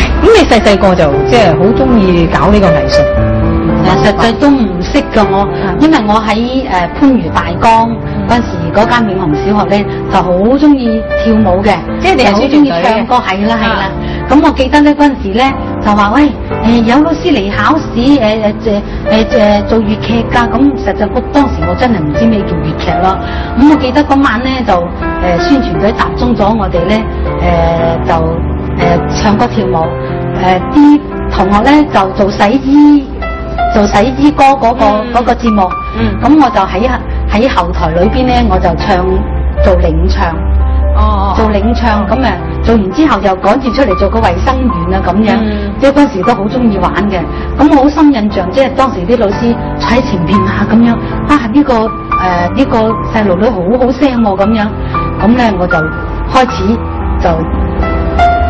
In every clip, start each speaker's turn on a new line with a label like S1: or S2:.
S1: 咁、嗯、你細細個就即係好中意搞呢個藝術，但係、嗯、實際都唔識噶我，因為我喺誒番禺大江嗰、嗯、時嗰間永紅小學咧，就好中意跳舞嘅，即係你好中意唱歌，係啦係啦。咁、嗯、我記得咧嗰陣時咧就話喂，誒有老師嚟考試，誒誒誒誒做粵劇噶，咁、嗯、實際我當時我真係唔知咩叫粵劇咯。咁、嗯嗯、我記得嗰晚咧就誒、呃、宣傳隊集中咗我哋咧，誒、呃、就。誒、呃，唱歌跳舞，誒、呃、啲同學咧就做洗衣，做洗衣歌嗰、那個嗰、嗯、個節目，咁、嗯、我就喺喺後台裏邊咧，我就唱做領唱，做領唱，咁誒做完之後就趕住出嚟做個衛生員啊，咁樣、嗯、即係嗰時都好中意玩嘅。咁我好深印象，即係當時啲老師坐喺前邊呀。咁樣啊呢個誒呢個細路女好好聲咁樣，咁、啊、咧、這個呃這個、我，我就開始就。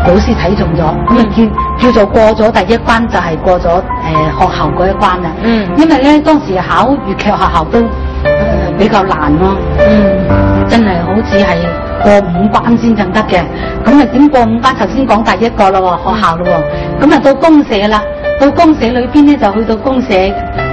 S1: 老師睇中咗，咁啊叫叫做過咗第一關就係、是、過咗誒、呃、學校嗰一關啦。嗯，因為咧當時考粵劇學校都、呃、比較難咯、啊。嗯，真係好似係過五關先正得嘅。咁啊點過五關？頭先講第一個啦，學校啦。咁啊到公社啦，到公社裏邊咧就去到公社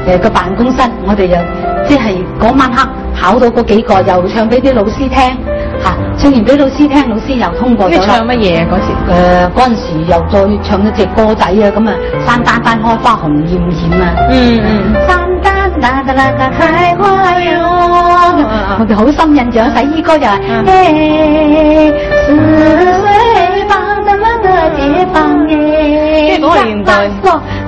S1: 誒個辦公室，我哋又即係嗰晚黑考到嗰幾個又唱俾啲老師聽。吓、啊、唱完俾老師聽，老師又通過咗。唱乜嘢嗰時？誒、呃，嗰陣時又再唱一隻歌仔啊，咁啊，山丹丹開花紅艷艷啊。嗯嗯。山丹丹個個開花喲。我哋好深印象，洗衣、嗯嗯就是、歌就係誒，四歲半怎麼得解放即係個年代。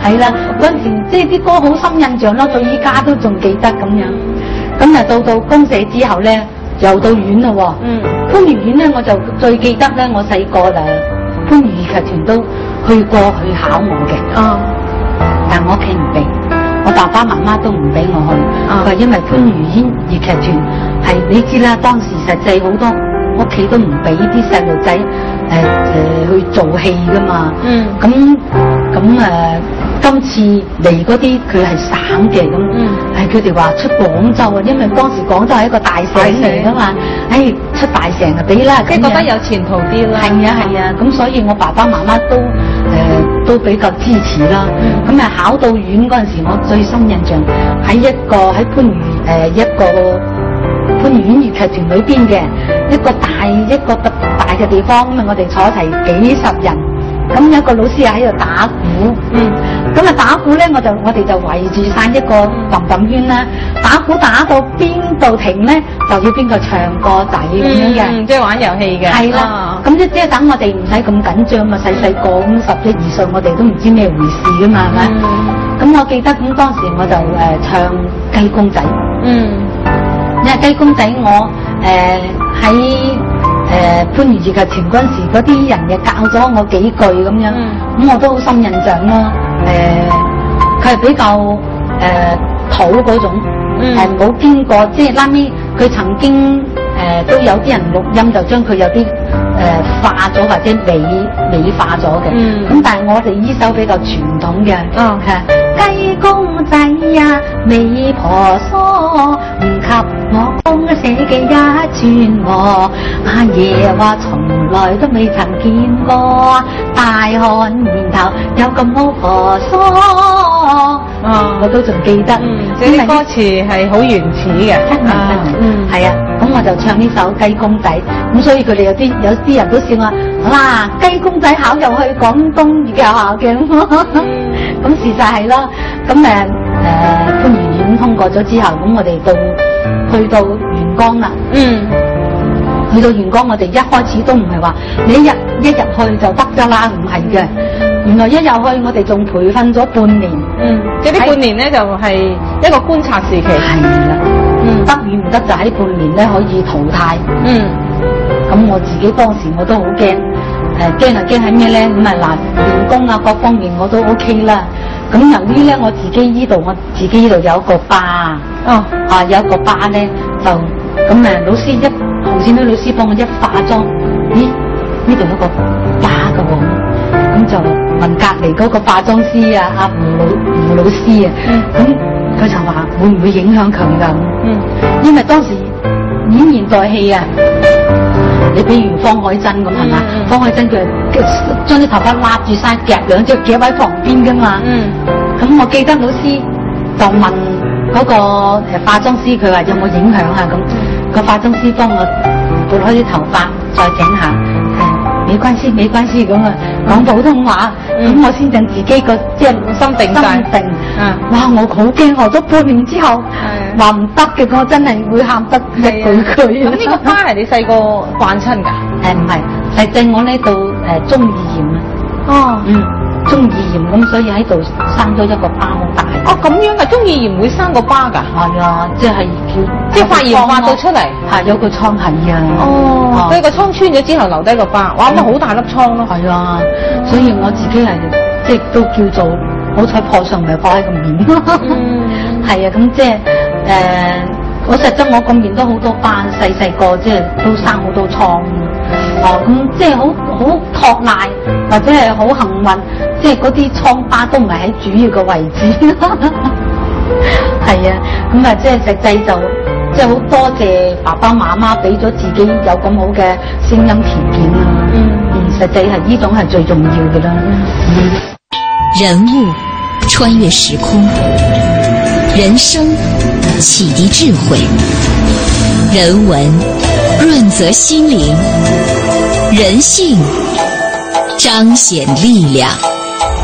S1: 係啦，陣時即係啲歌好深印象咯，到依家都仲記得咁樣。咁、嗯、啊、嗯，到到公社之後咧。又到院嘞、哦，番禺院咧，我就最記得咧，我細個啦，番禺粵劇團都去過去考我嘅，啊、但係我屋企唔俾，我爸爸媽媽都唔俾我去，啊、因為番禺粵劇團係你知啦，當時實際好多屋企都唔俾啲細路仔誒誒去做戲噶嘛，咁咁誒。今次嚟嗰啲佢係省嘅咁，係佢哋話出廣州啊，因為當時廣州係一個大城嚟噶嘛，誒城、哎、出大城嘅，畀啦，即係覺得有前途啲啦。係啊係啊，咁、啊啊、所以我爸爸媽媽都誒、呃、都比較支持啦。咁啊、嗯、考到院嗰陣時候，我最深印象喺一個喺番禺誒一個番禺縣粵劇團裏邊嘅一個大一個特大嘅地方，咁啊我哋坐齊幾十人，咁有一個老師啊喺度打鼓。嗯咁啊打鼓咧，我就我哋就圍住晒一個氹氹圈啦。嗯、打鼓打到邊度停咧，就要邊個唱歌仔咁、嗯、樣嘅、嗯，即係玩遊戲嘅。係啦的，咁、哦嗯、即係等我哋唔使咁緊張嘛，細細個咁十一二歲，我哋都唔知咩回事噶嘛，係咪、嗯？咁、嗯、我記得咁當時我就誒、呃、唱雞公仔，嗯，因為雞公仔我誒喺誒番禺住嘅前陣時，嗰啲人又教咗我幾句咁樣，咁、嗯、我都好深印象咯。誒，佢係、呃、比較誒、呃、土嗰種，誒冇、嗯、經過，即係拉咪佢曾經誒、呃、都有啲人錄音就，就將佢有啲誒化咗或者美美化咗嘅，咁、嗯、但係我哋呢首比較傳統嘅，係、哦。Okay. 雞公仔呀、啊，美婆娑，唔及我公寫嘅一串和、哦。阿爺話從來都未曾見過，啊，大漢年頭有咁好婆娑啊、哦嗯，我都仲記得，呢咁、嗯、為歌詞係好原始嘅，嗯、啊，嗯。我就唱呢首雞公仔，咁所以佢哋有啲有啲人都笑我，嗱、啊、雞公仔考入去廣東嘅學校嘅，咁 事實係咯，咁誒誒番禺縣通過咗之後，咁我哋到去到元江啦，嗯，去到元江、嗯、我哋一開始都唔係話你一入一入去就得嘅啦，唔係嘅，原來一入去我哋仲培訓咗半年，嗯，即啲、嗯、半年咧是就係一個觀察時期。係。得與唔得就喺半年咧可以淘汰。嗯，咁我自己當時我都好驚，誒驚啊驚喺咩咧？咁啊難練功啊，各方面我都 O K 啦。咁由於咧我自己呢度我自己呢度有一個疤、哦、啊有一個疤咧就咁、啊、老師一紅線女老師幫我一化妝，咦呢度有個疤噶喎，咁就問隔籬嗰個化妝師啊阿吳老吳老師啊咁。佢就話會唔會影響佢咁，嗯、因為當時演現代戲啊，你比如方海珍咁係嘛，嗯、吧方海珍佢將啲頭髮揦住晒，夾兩隻夾喺旁邊噶嘛，咁、嗯、我記得老師就問嗰個化妝師他說，有有，佢話有冇影響啊？咁個化妝師幫我撥開啲頭髮，再整下。沒關係，沒關係咁啊，講普通話，咁我先將自己個即係心定心定，啊、嗯嗯，哇！我好驚，學咗半年之後，話唔得嘅，我真係會喊得一句句。咁呢、啊、個疤係你細個患親噶？誒、嗯，唔係，係、就、正、是、我呢度誒，中耳炎啊，哦、嗯，中耳炎咁，所以喺度生咗一個疤。哦，咁樣啊，中意而唔會生個疤噶？係啊，即係叫即係發炎發到出嚟，係有個瘡係啊。哦，對、啊、個瘡、啊 oh, 啊、穿咗之後留低個疤，哇咁好大粒瘡咯。係、嗯、啊，所以我自己係即係都叫做好彩破上唔係破喺個面。 嗯，係啊，咁即係誒、呃，我實質我咁面都好多斑，細細個即係都生好多瘡，嗯、哦咁即係好好托賴或者係好幸運。即係嗰啲瘡疤都唔係喺主要嘅位置， 係啊，咁啊即係實際就即係好多謝爸爸媽媽俾咗自己有咁好嘅聲音條件啊，嗯，實際係呢種係最重要嘅啦。人物穿越時空，人生
S2: 啟迪智慧，人文潤澤心靈，人性彰顯力量。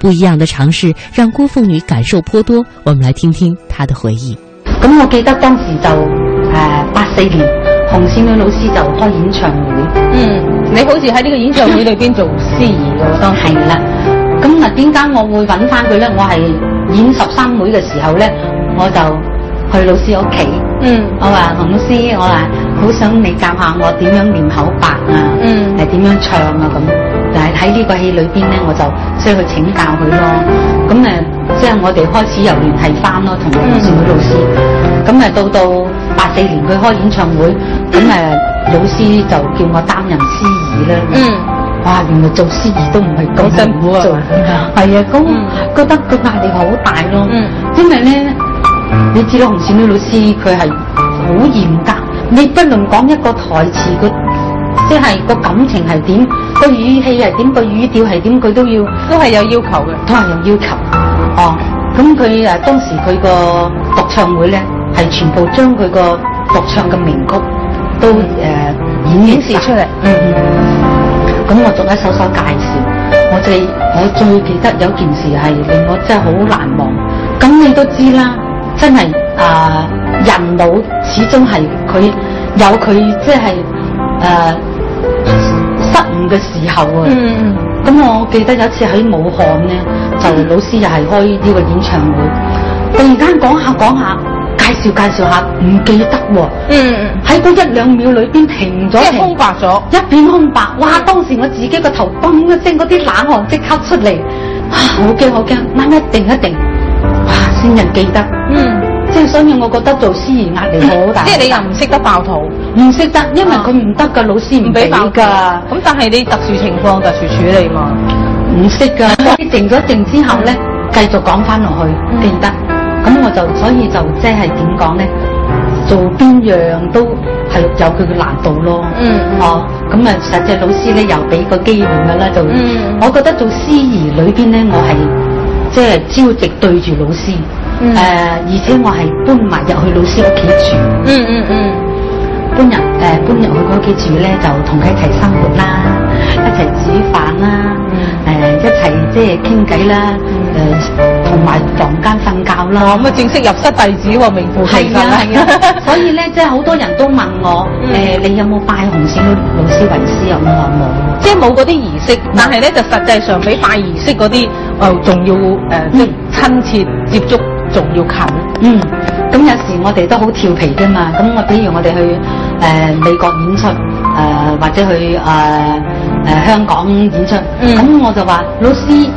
S2: 不一樣的嘗試讓郭鳳女感受頗多，我們來聽聽她的回憶。
S1: 咁我記得當時就誒八、呃、四年紅線女老師就開演唱會，嗯，你好似喺呢個演唱會裏邊 做司儀噶當係啦。咁啊，點解 我會揾翻佢咧？我係演十三妹嘅時候咧，我就去老師屋企，嗯，我話紅老師，我話好想你教下我點樣念口白啊，嗯，係點樣唱啊咁。喺呢個戲裏邊咧，我就即係去請教佢咯。咁誒，即係我哋開始又聯繫翻咯，同紅線女老師。咁誒、嗯，到到八四年佢開演唱會，咁誒、嗯，老師就叫我擔任司儀啦。嗯。哇！原來做司儀都唔係咁辛苦啊！做係啊，咁覺得個壓力好大咯。嗯。因為咧，你知道紅線女老師佢係好嚴格，你不論講一個台詞，佢即係個感情係點。個語氣係點，個語調係點，佢都要，都係有要求嘅，都係有要求。哦，咁佢誒，當時佢個獨唱會咧，係全部將佢個獨唱嘅名曲都誒、嗯呃、演演示出嚟。嗯嗯。咁、嗯、我逐一首首介紹，我最我最記得有件事係令我真係好難忘。咁你都知啦，真係誒、呃，人老始終係佢有佢即係誒。就是呃失誤嘅時候啊，咁、嗯、我記得有一次喺武漢咧，就老師又係開呢個演唱會，突然間講下講下，介紹介紹下，唔記得喎、啊，喺嗰、嗯、一兩秒裏邊停咗，空白咗，一片空白，哇！當時我自己個頭嘣一聲，嗰啲冷汗即刻出嚟，啊！好驚好驚，啱啱一定一定，哇！先人記得，嗯。即係所以，我覺得做司儀壓力好大。即係你又唔識得爆肚，唔識得，因為佢唔得噶，老師唔俾爆噶。咁但係你特殊情況特殊處理嘛。唔識噶，靜咗靜之後咧，繼續講翻落去，記得。咁我就所以就即係點講咧？做邊樣都係有佢嘅難度咯。嗯。哦。咁啊，實際老師咧又俾個機會噶啦，就。我覺得做司儀裏邊咧，我係即係朝夕對住老師。誒、嗯呃，而且我係搬埋入去老師屋企住的嗯。嗯嗯嗯，搬入誒、呃，搬入去嗰屋企住咧，就同佢一齊生活啦，一齊煮飯啦，誒、嗯呃，一齊即係傾偈啦，誒、嗯，同、呃、埋房間瞓覺啦。哦，咁啊正式入室弟子喎、啊，名副其實。係啊，係啊 所以咧，即係好多人都問我，誒、嗯呃，你有冇拜紅線老師為師啊？我話冇，即係冇啲儀式，嗯、但係咧就實際上比拜儀式啲誒仲要誒、呃嗯、即親切接觸。仲要近，嗯，咁有時我哋都好調皮㗎嘛，咁我比如我哋去誒、呃、美國演出，誒、呃、或者去誒誒、呃呃、香港演出，咁、嗯、我就話老師，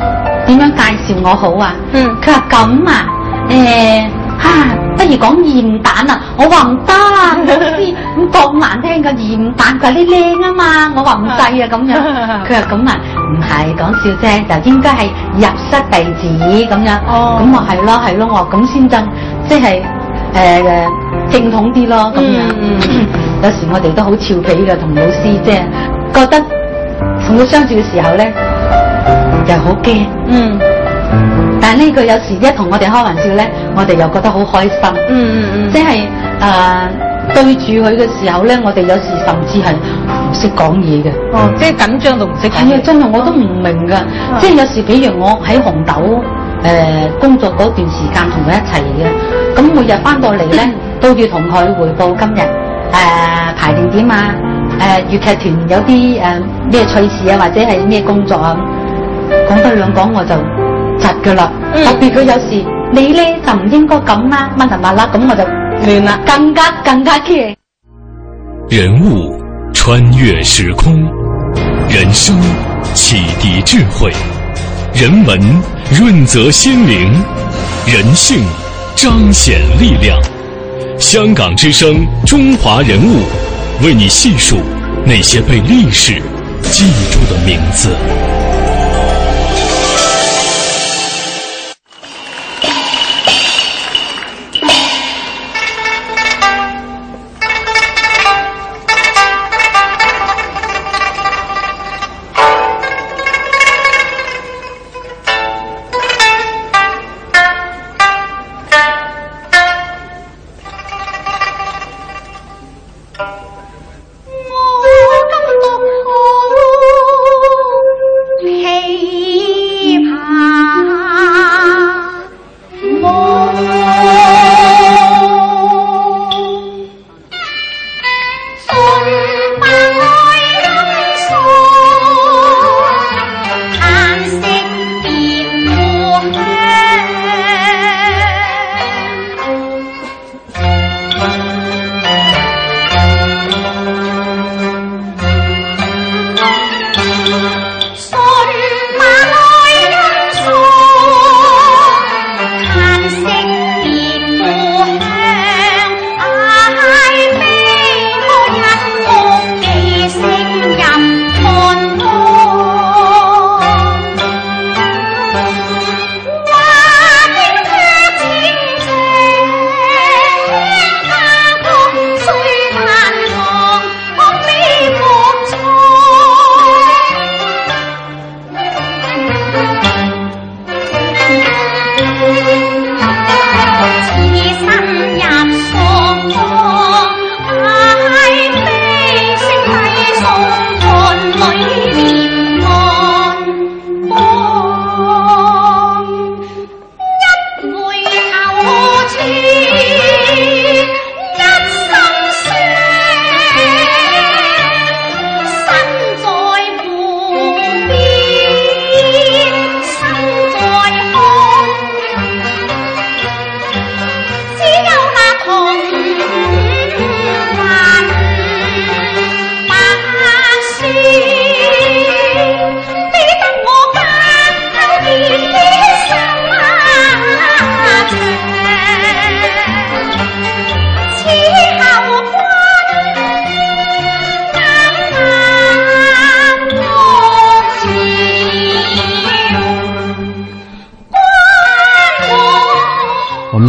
S1: 點樣介紹我好啊？嗯，佢話咁啊，誒、欸。啊，不如講鹽蛋啊！我話唔得啊，老師咁講難聽噶鹽蛋，但係你靚啊嘛，我話唔制啊咁樣，佢話咁啊，唔係講笑啫，就應該係入室弟子咁樣子，咁啊係咯係咯，我咁先真，即係誒誒正統啲咯，咁樣有時我哋都好俏皮噶，同老師即係覺得同佢相處嘅時候咧，就好驚，嗯。嗯嗯但係呢個有時一同我哋開玩笑咧，我哋又覺得好開心。嗯嗯嗯，即係誒對住佢嘅時候咧，我哋有時甚至係唔識講嘢嘅。哦，即係緊張到唔識講嘢。係啊，真係我都唔明噶。哦、即係有時比如我喺紅豆誒、呃、工作嗰段時間同佢一齊嘅，咁每日翻到嚟咧都要同佢匯報今日誒、呃、排定練點啊，誒粵劇團有啲誒咩趣事啊，或者係咩工作啊，講得兩講我就。特別佢有事，你呢就唔應該咁啦，乜神乜啦，咁我就亂啦，更加更加嘅
S3: 人物穿越時空，人生啟迪智慧，人文潤澤心靈，人性彰顯力量。香港之聲，中華人物，為你細數那些被歷史記住的名字。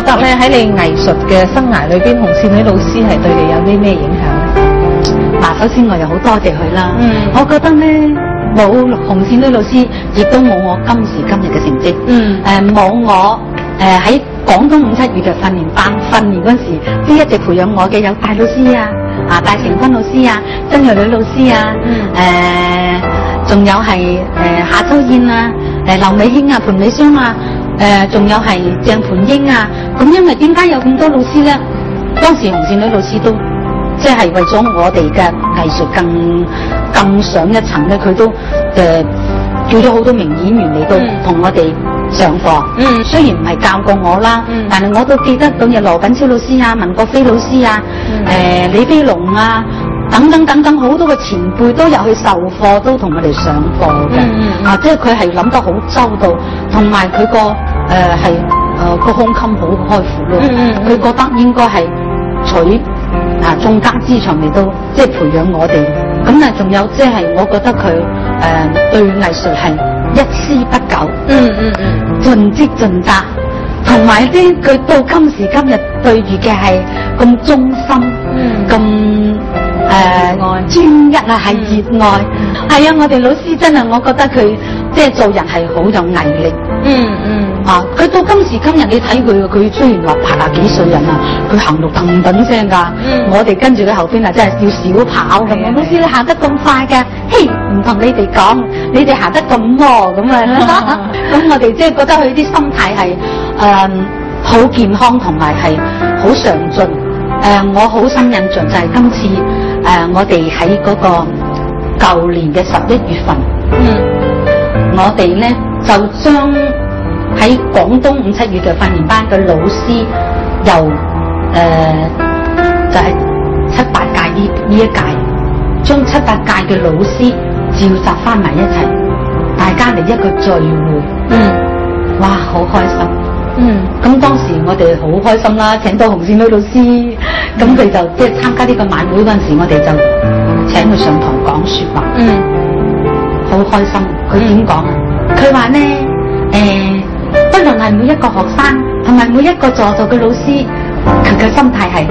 S1: 覺得咧喺你藝術嘅生涯裏邊，紅線女老師係對你有啲咩影響嗱？首先我又好多謝佢啦。嗯，我覺得咧冇紅線女老師，亦都冇我今時今日嘅成績。嗯，誒冇、呃、我誒喺廣東五七月嘅訓練班訓練嗰時候，都一直培養我嘅有戴老師啊，啊戴成軍老師啊，曾玉女老師啊，誒、嗯，仲、呃、有係誒夏秋燕啊，誒、呃、劉美卿啊，盤美香啊。誒，仲、呃、有係鄭培英啊！咁因為點解有咁多老師咧？當時紅線女老師都即係為咗我哋嘅藝術更更上一層咧，佢都誒叫咗好多名演員嚟到同我哋上課。嗯，雖然唔係教過我啦，嗯、但係我都記得當日羅品超老師啊、文國飛老師啊、誒、嗯呃、李飛龍啊等等等等好多嘅前輩都入去授課，都同我哋上課嘅。嗯嗯嗯、啊，即係佢係諗得好周到，同埋佢個。誒係誒個胸襟好開闊，咯、嗯，佢、嗯、覺得應該係取啊眾家之長嚟到，即、就、係、是、培養我哋。咁啊，仲有即係我覺得佢誒、呃、對藝術係一絲不苟、嗯，嗯嗯盡職盡責，同埋啲佢到今時今日對住嘅係咁忠心，嗯，咁誒愛專一啊，係、呃、熱愛，係啊、嗯哎！我哋老師真係我覺得佢即係做人係好有毅力，嗯嗯。嗯佢、啊、到今時今日，你睇佢，佢雖然話爬下幾歲人啊，佢行路騰騰聲㗎。嗯，我哋跟住佢後邊啊，真係要小跑咁咯。冇知佢行得咁快嘅，是的 嘿，唔同你哋講，你哋行得咁喎，咁啊哈哈。咁我哋即係覺得佢啲心態係誒好健康同埋係好上進。誒、呃，我好深印象就係今次誒、呃，我哋喺嗰個舊年嘅十一月份，嗯，我哋咧就將。喺廣東五七月嘅訓練班嘅老師由誒、呃、就係、是、七八屆呢呢一屆，將七八屆嘅老師召集翻埋一齊，大家嚟一個聚會。嗯，哇，好開心。嗯，咁當時我哋好開心啦，請到紅線女老師咁佢就即係參加呢個晚會嗰陣時候我哋就請佢上台講說話。嗯，好開心。佢點講啊？佢話呢，誒。呃係每一個學生，同埋每一個在座嘅老師，佢嘅心態係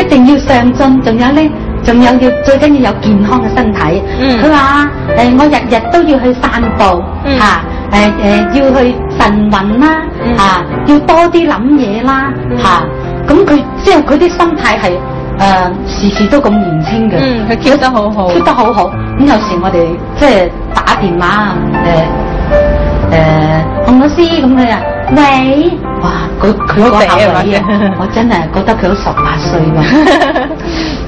S1: 一定要上進，仲有咧，仲有要最緊要有健康嘅身體。嗯，佢話誒，我日日都要去散步，吓誒誒，要去晨運啦，吓、啊、要多啲諗嘢啦，吓咁佢即係佢啲心態係誒，時時都咁年輕嘅。嗯，佢跳得好好，跳得好好。咁有時我哋即係打電話誒誒、呃呃，洪老師咁佢啊。未？喂，哇！佢佢好少。我真係覺得佢好十八歲啊！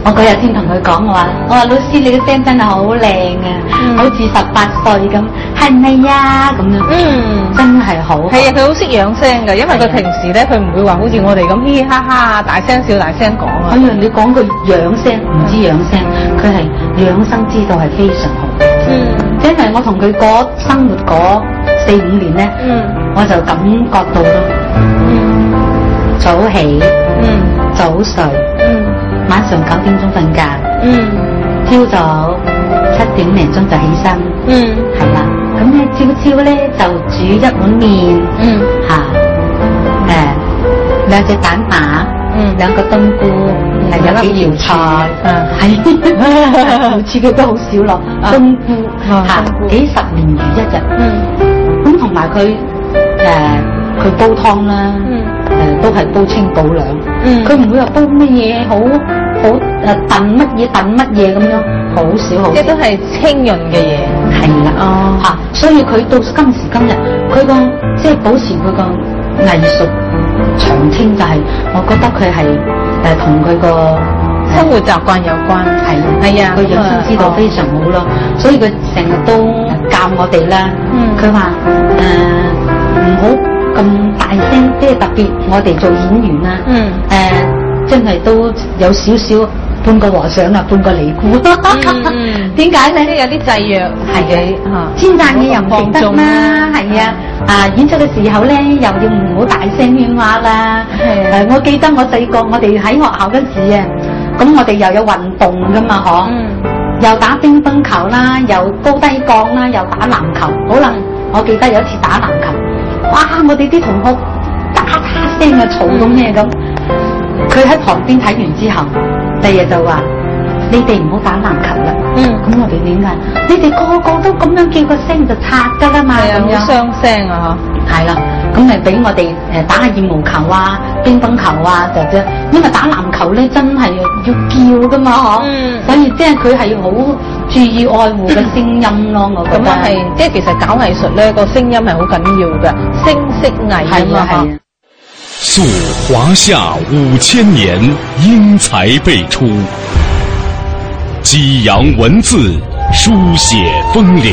S1: 我嗰日先同佢講，我話：我話老師，你嘅聲真係好靚啊，嗯、好似十八歲咁，係咪啊？咁樣嗯，真係好。係啊，佢好識養聲噶，因為佢平時咧，佢唔會話好似我哋咁嘻嘻哈哈、大聲笑、大聲講啊。哎呀，你講佢養聲唔知養聲，佢係養生之道係非常好。嗯，因為我同佢過生活嗰四五年咧，嗯。我就感覺到咯，早起，早睡，晚上九點鐘瞓覺，朝早七點零鐘就起身，係啦。咁你朝朝咧就煮一碗麵，吓，誒，兩隻蛋白，兩個冬菇，係有幾條菜，係，好似佢都好少落，冬菇吓，幾十年如一日，咁同埋佢。誒，佢、呃、煲湯啦，誒、嗯呃、都係煲清補涼，佢唔、嗯、會話煲乜嘢好好誒燉乜嘢燉乜嘢咁樣，好少好少。即係都係清潤嘅嘢。係啦的，哦，吓、啊，所以佢到今時今日，佢、那個即係、就是、保持佢個藝術長青，就係、是、我覺得佢係誒同佢個生活習慣有關。係啊、嗯，係啊的，個養生之道非常好咯。哦、所以佢成日都教我哋啦，佢話誒。好咁大聲，即係特別我哋做演員啦，誒，真係都有少少半個和尚啦，半個尼姑，點解咧？有啲制約係嘅，哈，千讚你又唔認得啦，係啊，啊，演出嘅時候咧，又要唔好大聲喧嘩啦，係啊，我記得我細個，我哋喺學校嗰時啊，咁我哋又有運動噶嘛，嗬，又打乒乓球啦，又高低槓啦，又打籃球，好啦，我記得有一次打籃球。哇！我哋啲同學嗒嗒聲啊嘈到咩咁，佢喺旁邊睇完之後，第二日就話：你哋唔好打籃球啦。嗯，咁我哋點啊？你哋個個都咁樣叫個聲就拆㗎啦嘛，好傷聲啊！嗬，係啦。咁咪俾我哋誒打下羽毛球啊、乒乓球啊就啫，因為打籃球咧真係要叫噶嘛嗬，嗯、所以即係佢係要好注意愛護嘅聲音咯，嗯、我覺得係，即係、就是、其實搞藝術咧、那個聲音係好緊要嘅，聲色藝啊嘛嗬。
S3: 溯華夏五千年，英才輩出，激揚文字，書寫風流。